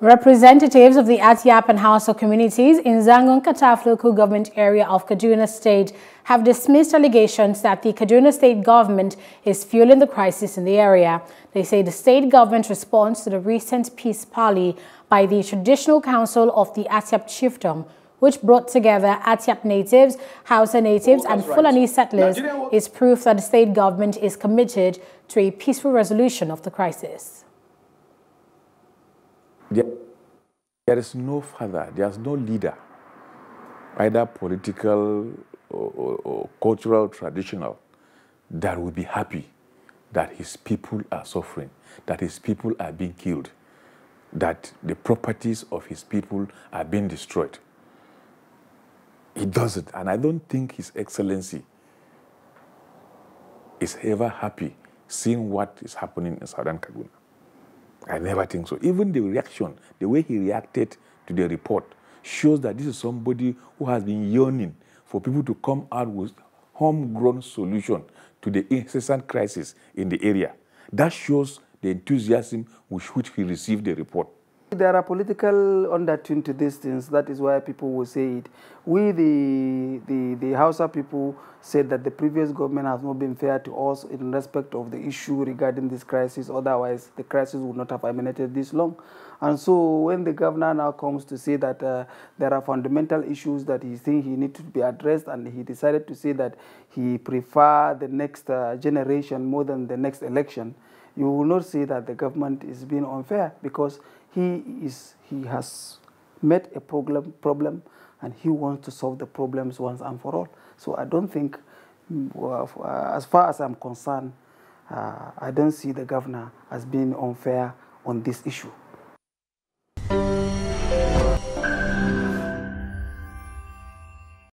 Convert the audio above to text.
Representatives of the Atiap and Hausa communities in Zangon Kataf local government area of Kaduna State have dismissed allegations that the Kaduna state government is fueling the crisis in the area. They say the state government response to the recent peace parley by the traditional council of the Atiap chiefdom which brought together Atiap natives, Hausa natives, oh, and Fulani right. settlers, is proof that the state government is committed to a peaceful resolution of the crisis. There, there is no father, there is no leader, either political or, or, or cultural, traditional, that will be happy that his people are suffering, that his people are being killed, that the properties of his people are being destroyed. He doesn't. And I don't think His Excellency is ever happy seeing what is happening in Southern Kaguna. I never think so. Even the reaction, the way he reacted to the report, shows that this is somebody who has been yearning for people to come out with homegrown solution to the incessant crisis in the area. That shows the enthusiasm with which he received the report. There are political undertone to these things. That is why people will say it. We, the, the the Hausa people said that the previous government has not been fair to us in respect of the issue regarding this crisis. Otherwise, the crisis would not have emanated this long. And so when the governor now comes to say that uh, there are fundamental issues that he thinks he need to be addressed, and he decided to say that he prefer the next uh, generation more than the next election, you will not say that the government is being unfair because he is he has met a problem problem and he wants to solve the problems once and for all. So I don't think, uh, as far as I'm concerned, uh, I don't see the governor as being unfair on this issue.